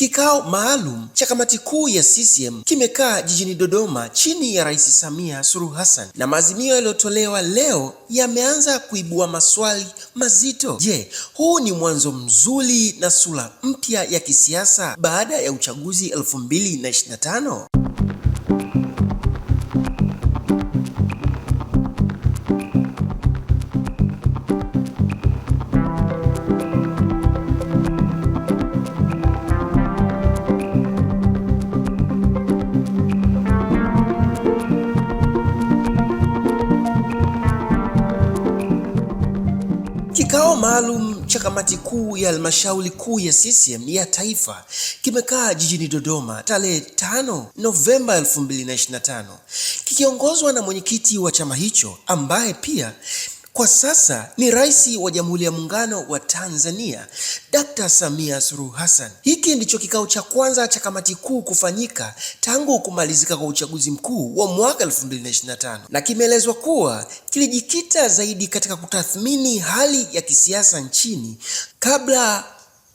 Kikao maalum cha kamati kuu ya CCM kimekaa jijini Dodoma chini ya Rais Samia Suluhu Hassan, na maazimio yaliyotolewa leo yameanza kuibua maswali mazito. Je, huu ni mwanzo mzuri na sura mpya ya kisiasa baada ya uchaguzi 2025? Kikao maalum cha kamati kuu ya halmashauri kuu ya CCM ya taifa kimekaa jijini Dodoma tarehe 5 Novemba 2025 kikiongozwa na mwenyekiti wa chama hicho ambaye pia kwa sasa ni rais wa Jamhuri ya Muungano wa Tanzania, Dkt. Samia Suluhu Hassan. Hiki ndicho kikao cha kwanza cha kamati kuu kufanyika tangu kumalizika kwa uchaguzi mkuu wa mwaka 2025 na kimeelezwa kuwa kilijikita zaidi katika kutathmini hali ya kisiasa nchini kabla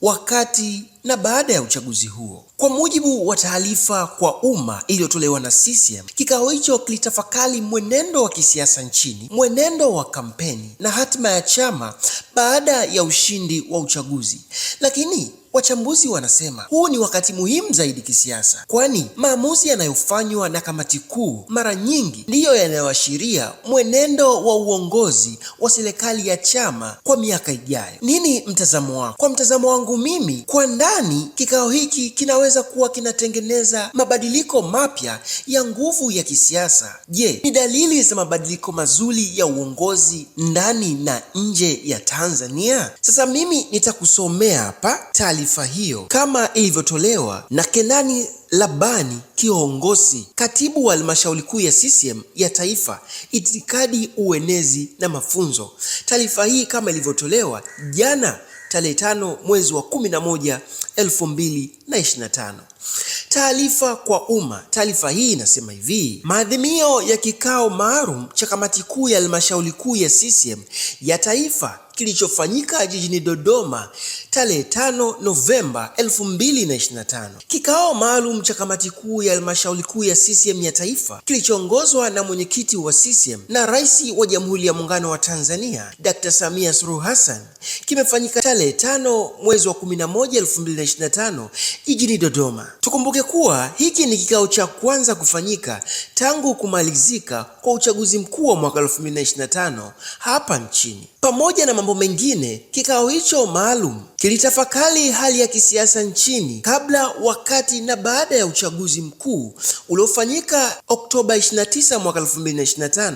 wakati na baada ya uchaguzi huo. Kwa mujibu wa taarifa kwa umma iliyotolewa na CCM, kikao hicho kilitafakari mwenendo wa kisiasa nchini, mwenendo wa kampeni na hatima ya chama baada ya ushindi wa uchaguzi, lakini Wachambuzi wanasema huu ni wakati muhimu zaidi kisiasa, kwani maamuzi yanayofanywa na kamati kuu mara nyingi ndiyo yanayoashiria mwenendo wa uongozi wa serikali ya chama kwa miaka ijayo. Nini mtazamo wako? Kwa mtazamo wangu mimi, kwa ndani, kikao hiki kinaweza kuwa kinatengeneza mabadiliko mapya ya nguvu ya kisiasa. Je, ni dalili za mabadiliko mazuri ya uongozi ndani na nje ya Tanzania? Sasa mimi nitakusomea hapa taarifa taarifa hiyo kama ilivyotolewa na Kenani Labani kiongozi katibu wa halmashauri kuu ya CCM ya taifa, itikadi, uenezi na mafunzo. Taarifa hii kama ilivyotolewa jana tarehe tano mwezi wa 11 2025. Taarifa kwa umma. Taarifa hii inasema hivi: maadhimio ya kikao maalum cha kamati kuu ya halmashauri kuu ya CCM ya taifa kilichofanyika jijini Dodoma tarehe 5 Novemba 2025. Kikao maalum maalum cha kamati kuu ya halmashauri kuu ya CCM ya taifa kilichoongozwa na mwenyekiti wa CCM na rais wa Jamhuri ya Muungano wa Tanzania Dr. Samia Suluhu Hassan kimefanyika tarehe tano mwezi wa 11 2025 jijini Dodoma. Tukumbuke kuwa hiki ni kikao cha kwanza kufanyika tangu kumalizika kwa uchaguzi mkuu wa mwaka 2025 hapa nchini. Pamoja na mambo mengine, kikao hicho maalum kilitafakari hali ya kisiasa nchini kabla, wakati na baada ya uchaguzi mkuu uliofanyika Oktoba 29 mwaka 2025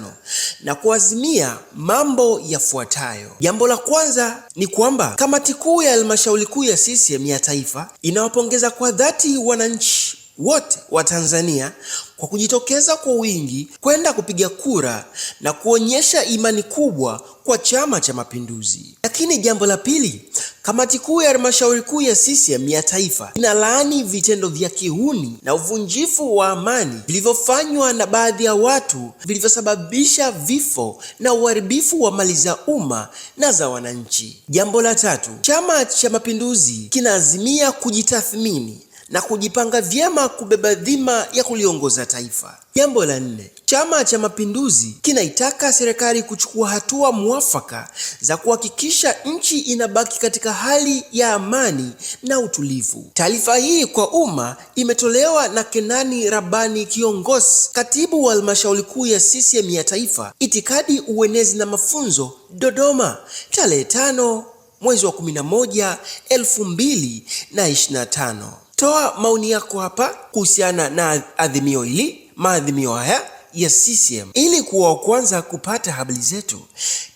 na kuazimia mambo yafuatayo. Jambo la kwanza ni kwamba kamati kuu ya halmashauri kuu ya CCM ya taifa inawapongeza kwa dhati wananchi wote wa Tanzania kwa kujitokeza kwa wingi kwenda kupiga kura na kuonyesha imani kubwa kwa Chama cha Mapinduzi. Lakini jambo la pili, kamati kuu ya halmashauri kuu ya CCM ya taifa inalaani vitendo vya kihuni na uvunjifu wa amani vilivyofanywa na baadhi ya watu vilivyosababisha vifo na uharibifu wa mali za umma na za wananchi. Jambo la tatu, Chama cha Mapinduzi kinaazimia kujitathmini na kujipanga vyema kubeba dhima ya kuliongoza taifa. Jambo la nne, Chama cha Mapinduzi kinaitaka serikali kuchukua hatua mwafaka za kuhakikisha nchi inabaki katika hali ya amani na utulivu. Taarifa hii kwa umma imetolewa na Kenani Rabani Kiongos, katibu wa halmashauri kuu ya CCM ya taifa, itikadi, uenezi na mafunzo, Dodoma, tarehe 5 mwezi wa 11 2025 toa maoni yako hapa kuhusiana na adhimio hili, maadhimio haya ya CCM. Ili kuwa wa kwanza kupata habari zetu,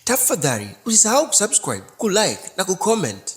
tafadhali usisahau kusubscribe, kulike na kucomment.